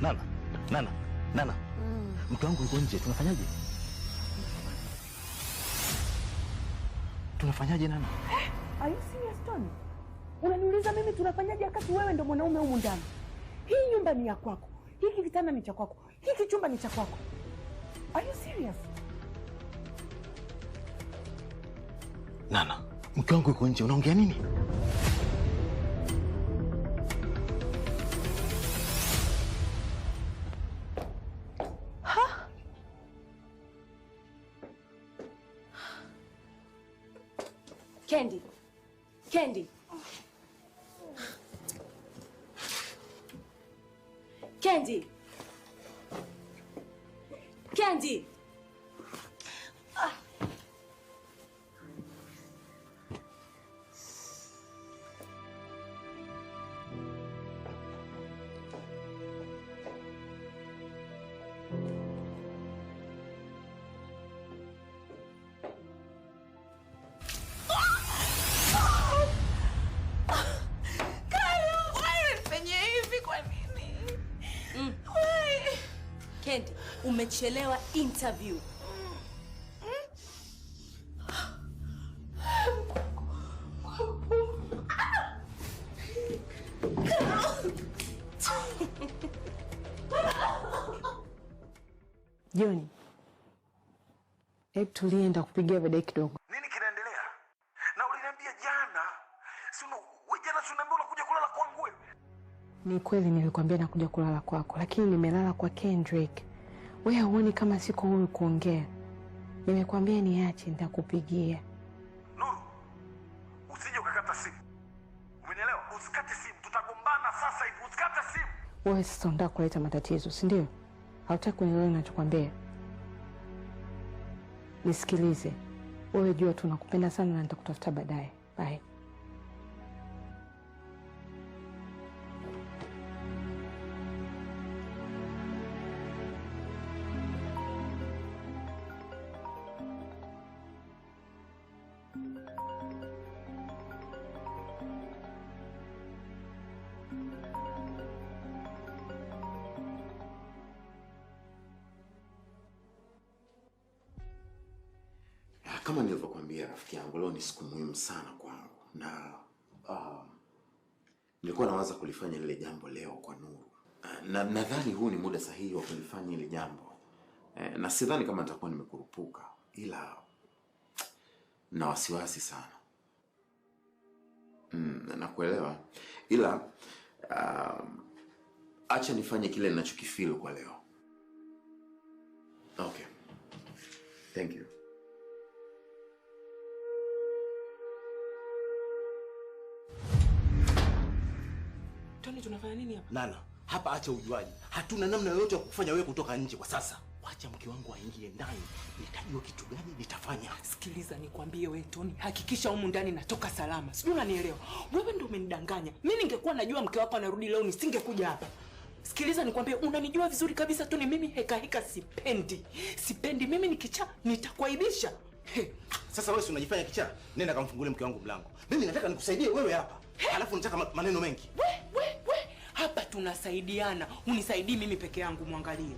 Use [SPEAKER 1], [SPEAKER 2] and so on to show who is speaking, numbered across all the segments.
[SPEAKER 1] Nana, Nana, Nana. Mm. Mke wangu yuko nje, tunafanyaje? Tunafanyaje Nana?
[SPEAKER 2] Are you serious Tony? Unaniuliza mimi tunafanyaje wakati wewe ndo mwanaume humu ndani? Hii nyumba ni ya kwako. Hiki kitanda ni cha kwako. Hiki chumba ni cha kwako. Are you serious?
[SPEAKER 1] Nana, mke wangu yuko nje, unaongea nini?
[SPEAKER 2] Candy. Candy. Candy. Candy. umechelewa interview. Joni, hebu tulienda kupigia bedai kidogo.
[SPEAKER 3] Nini kinaendelea? Na uliniambia jana, si wewe jana unaambia unakuja kulala kwangu.
[SPEAKER 2] Ni kweli nilikwambia nakuja kulala kwako, lakini nimelala kwa Kendrick. Wewe huoni kama siko huyu kuongea? Nimekwambia niache, nitakupigia.
[SPEAKER 3] Nuru, usije ukakata simu, umenielewa? Usikate simu, tutagombana sasa hivi. Usikate simu.
[SPEAKER 2] Wewe sasa unataka kuleta matatizo, si ndio? Hautaki kuelewa ninachokwambia. Nisikilize wewe, jua tunakupenda sana na nitakutafuta baadaye. Bye.
[SPEAKER 4] Kama nilivyokuambia rafiki yangu, leo ni siku muhimu sana kwangu na um, nilikuwa nawaza kulifanya lile jambo leo kwa Nuru na nadhani huu ni muda sahihi wa kulifanya ile jambo eh, na sidhani kama nitakuwa nimekurupuka, ila na wasiwasi sana mm, nakuelewa, ila um, acha nifanye kile ninachokifeel kwa leo. Okay, thank you.
[SPEAKER 2] tunafanya nini hapa?
[SPEAKER 1] Nana, hapa acha ujuaji. Hatuna namna yoyote ya kufanya wewe kutoka nje kwa sasa. Wacha mke wangu aingie ndani, nitajua kitu gani nitafanya.
[SPEAKER 2] Sikiliza nikwambie wewe Toni, hakikisha humu ndani natoka salama. Sijui unanielewa. Wewe ndio umenidanganya. Mimi ningekuwa najua mke wako anarudi leo nisingekuja hapa. Sikiliza nikwambie, unanijua vizuri kabisa Toni, mimi heka heka sipendi. Sipendi mimi nikichaa nitakuaibisha. He.
[SPEAKER 1] Sasa wewe unajifanya kichaa, nenda kamfungulie mke wangu mlango. Mimi nataka nikusaidie wewe hapa. Alafu nataka maneno mengi.
[SPEAKER 2] We? hapa tunasaidiana, unisaidii mimi peke yangu, mwangalie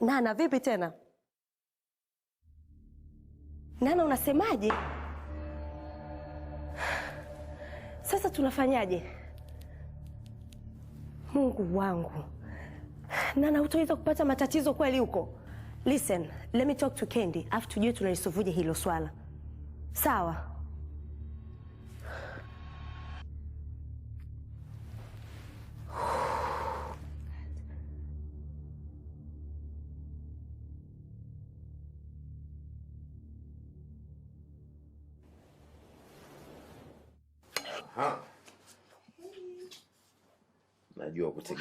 [SPEAKER 2] Nana, vipi tena Nana, unasemaje sasa? Tunafanyaje? Mungu wangu, Nana, hutaweza kupata matatizo kweli huko. Listen, let me talk to Candy afu tujue tunalisuvuje hilo swala, sawa?
[SPEAKER 4] you over to wow.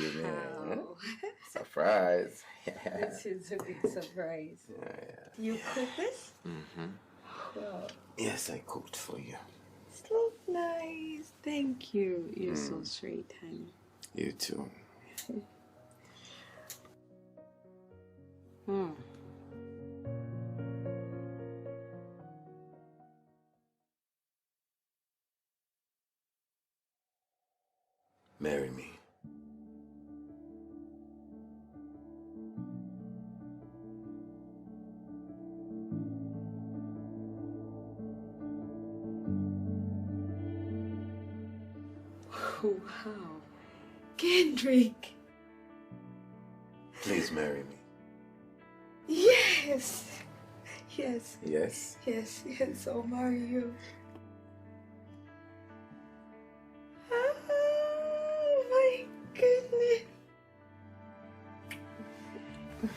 [SPEAKER 4] get a surprise.
[SPEAKER 5] this is a big surprise. Yeah, yeah. You yeah. cook this? Mm-hmm.
[SPEAKER 4] Yes, I cooked for you.
[SPEAKER 5] It's so nice. Thank you. You're mm. so sweet, honey.
[SPEAKER 4] You too. Hmm. Marry me.
[SPEAKER 5] Oh, how? Kendrick!
[SPEAKER 4] Please marry me.
[SPEAKER 5] Yes! Yes. Yes? Yes, yes, I'll marry you. Oh my goodness.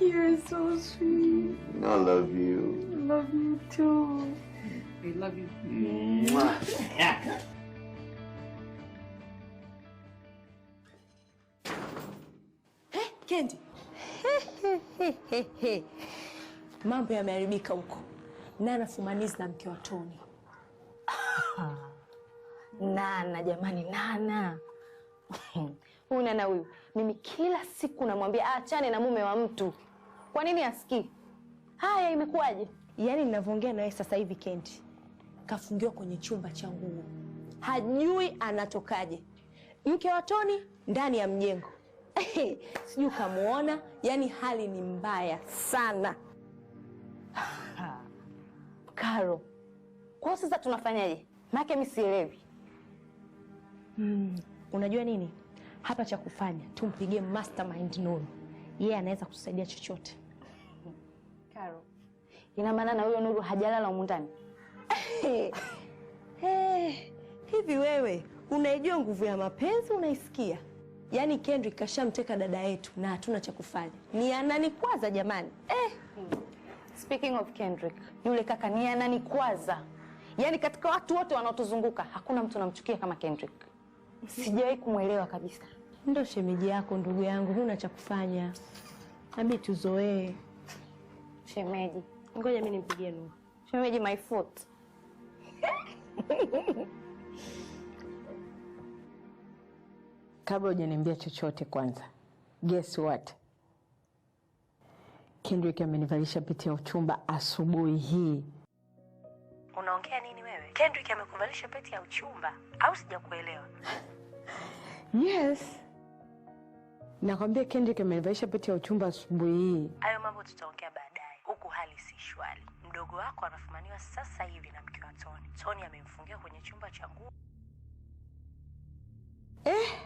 [SPEAKER 5] You're so sweet.
[SPEAKER 4] I love you.
[SPEAKER 5] I Love you too. I love you. Mwah.
[SPEAKER 2] Kendi, mambo yameharibika huko. Nana fumanizi na mke wa Toni. Ah, Nana jamani, Nana huyu Nana huyu, mimi kila siku namwambia achane na mume wa mtu. Kwa nini asikii? Haya, imekuwaje? Yaani ninavyoongea nawe sasa hivi, Kendi kafungiwa kwenye chumba cha nguo, hajui anatokaje. Mke wa Toni ndani ya mjengo Eh, sijui ukamwona, yani hali ni mbaya sana Karo, kwao sasa tunafanyaje? maake mi sielewi. Hmm, unajua nini hapa cha kufanya, tumpigie mastermind Nuru, yeye yeah, anaweza kutusaidia chochote. Karo, ina maana na huyo Nuru hajalala humu ndani eh, hivi? Wewe unaijua nguvu ya mapenzi, unaisikia? Yaani Kendrick kashamteka dada yetu na hatuna cha kufanya. Ni ananikwaza jamani, eh. Speaking of Kendrick, yule kaka ni ananikwaza. Yaani katika watu wote wanaotuzunguka hakuna mtu namchukia kama Kendrick. Sijawahi kumwelewa kabisa. Ndo shemeji yako ndugu yangu, huna cha kufanya, nabidi tuzoee. Shemeji, ngoja mimi nimpigie Nuru. Shemeji, my foot kabla hujaniambia chochote, kwanza guess what, Kendrick amenivalisha pete ya uchumba asubuhi hii. Unaongea nini wewe? Kendrick amekuvalisha pete ya uchumba au sijakuelewa? Yes, nakwambia Kendrick amenivalisha pete ya uchumba asubuhi hii. Hayo mambo tutaongea baadaye, huku hali si shwari. Mdogo wako anafumaniwa sasa hivi na mke wa Tony. Tony amemfungia kwenye chumba cha nguo eh.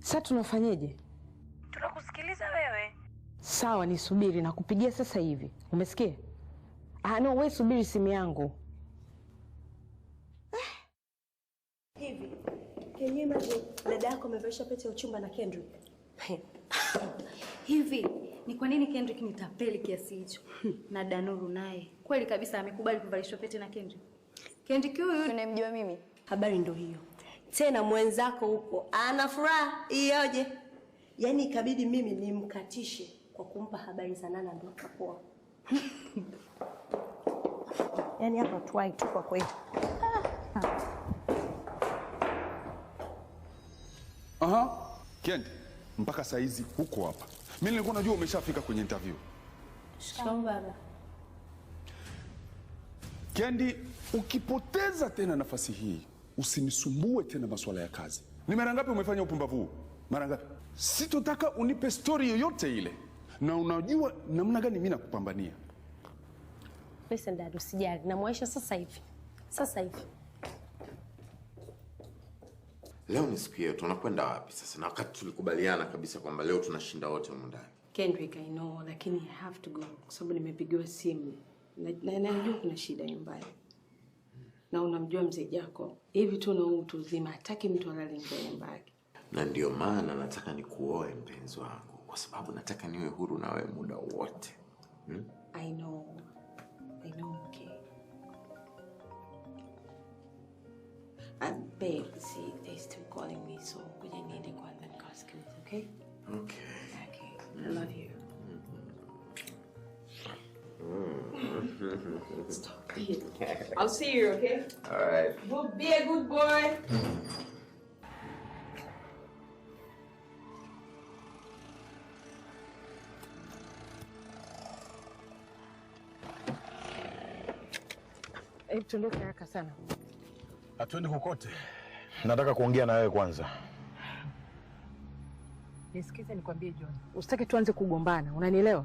[SPEAKER 2] Sasa tunafanyeje? Tunakusikiliza wewe. Sawa, nisubiri na kupigia sasa hivi, umesikia? Ah, no, we subiri simu yangu. Hivi can you imagine dada yako amevaisha pete ya uchumba na Kendrick? Hivi ni kwa nini Kendrick ni tapeli kiasi hicho? na Danuru naye kweli kabisa amekubali kuvalishwa pete na Kendrick. Kendrick huyu unamjua mimi? Habari ndo hiyo tena mwenzako huko ana furaha ioje! Yaani ikabidi mimi nimkatishe kwa kumpa habari za Nana ndo akapoa. Yaani hapa twai tu kwa kweli. Ah.
[SPEAKER 6] Aha. Kendi, mpaka hizi huko hapa. Mimi nilikuwa najua umeshafika kwenye interview.
[SPEAKER 2] Shikamoo baba.
[SPEAKER 6] Kendi, ukipoteza tena nafasi hii usinisumbue tena masuala ya kazi. Ni mara ngapi umefanya upumbavu huu? Mara ngapi? Sitotaka unipe stori yoyote ile, na unajua namna gani mimi nakupambania.
[SPEAKER 2] Listen dad, usijali, namwaisha sasa hivi, sasa hivi.
[SPEAKER 6] Leo ni siku yetu, tunakwenda wapi sasa? Na wakati tulikubaliana kabisa kwamba leo tunashinda wote humu ndani.
[SPEAKER 2] Kendrick, I know, lakini I have to go kwa sababu nimepigiwa simu na najua kuna shida nyumbani na unamjua mzee Jacob hivi tu na utu uzima, hataki mtu alale mbele ya
[SPEAKER 6] na ndio maana nataka nikuoe mpenzi wangu, kwa sababu nataka niwe huru na wewe muda wote
[SPEAKER 2] hmm? I know. I know, okay. And babe, see, they're still calling me, so ngoja niende kwanza nikawasikilize, okay? Okay. Okay. I love you. Mm -hmm. Mm. Stop mm-hmm. it. I'll see you, okay? All right. Well, be a good boy. Hebu tuondoke haraka sana.
[SPEAKER 6] Hatuendi kokote. Nataka kuongea na wewe kwanza.
[SPEAKER 2] Nisikize nikwambie John. Usitaki tuanze kugombana, unanielewa?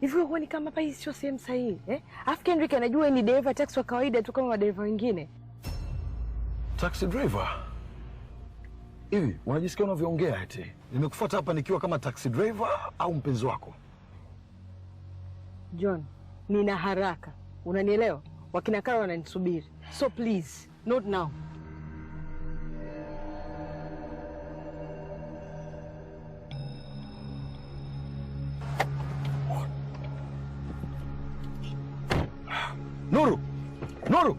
[SPEAKER 2] Hivi ni kama hapa hii sio sehemu sahihi eh? Afu Kendrick anajua ni dereva taxi wa kawaida tu kama madereva wengine.
[SPEAKER 6] Taxi driver? Hivi unajisikia unavyoongea eti? Nimekufuata hapa nikiwa kama taxi driver au mpenzi wako?
[SPEAKER 2] John, nina haraka. Unanielewa? Wakina wananisubiri. So please, not now.
[SPEAKER 6] Nuru! Nuru!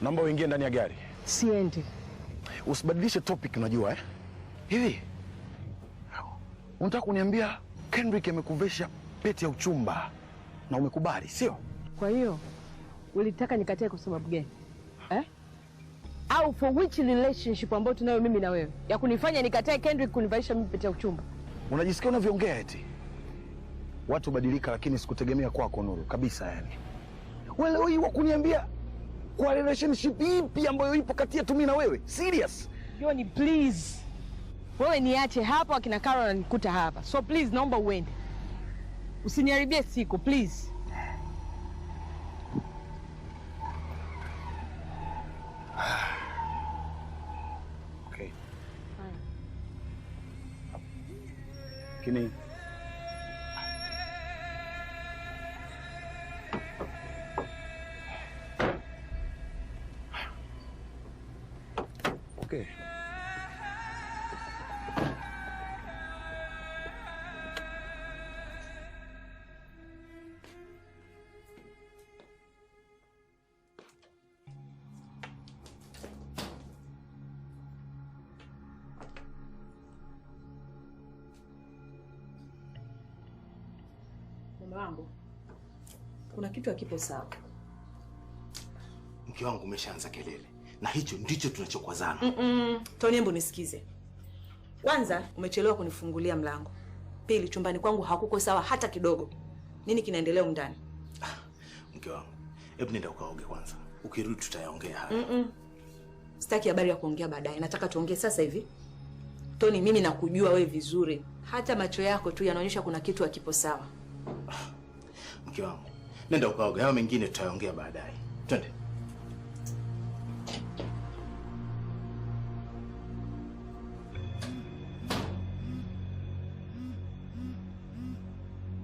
[SPEAKER 6] Naomba uingie ndani ya gari.
[SPEAKER 2] Siendi.
[SPEAKER 6] Usibadilishe topic unajua eh? Hivi. Unataka kuniambia Kendrick amekuvesha pete ya uchumba na umekubali, sio?
[SPEAKER 2] Kwa hiyo ulitaka nikatae kwa sababu gani? au for which relationship ambayo tunayo mimi na wewe ya kunifanya nikatae Kendrick kunivalisha mimi pete ya uchumba.
[SPEAKER 6] Unajisikia unavyoongea eti watu badilika, lakini sikutegemea kwako Nuru kabisa. Yani wewe wewe wakuniambia kwa relationship ipi ambayo ipo kati yetu mimi na wewe? Serious
[SPEAKER 2] Joni, please wewe niache hapa akina Carol ananikuta hapa, so please naomba uende, usiniharibie siku please. kinig wangu kuna kitu hakipo sawa.
[SPEAKER 1] Mke wangu umeshaanza kelele, na hicho ndicho tunachokwazana.
[SPEAKER 2] mm -mm. Toni, hebu nisikize kwanza. Umechelewa kunifungulia mlango. Pili, chumbani kwangu hakuko sawa hata kidogo. Nini kinaendelea ndani? Ah,
[SPEAKER 1] mke wangu, hebu nenda ukaoge kwanza, ukirudi tutayaongea haya.
[SPEAKER 2] mm -mm. Sitaki habari ya kuongea baadaye, nataka tuongee sasa hivi. Toni, mimi nakujua wewe vizuri, hata macho yako tu yanaonyesha kuna kitu hakipo sawa.
[SPEAKER 1] Mke wangu, nenda ukaoga, hayo mengine tutayaongea baadaye. Twende.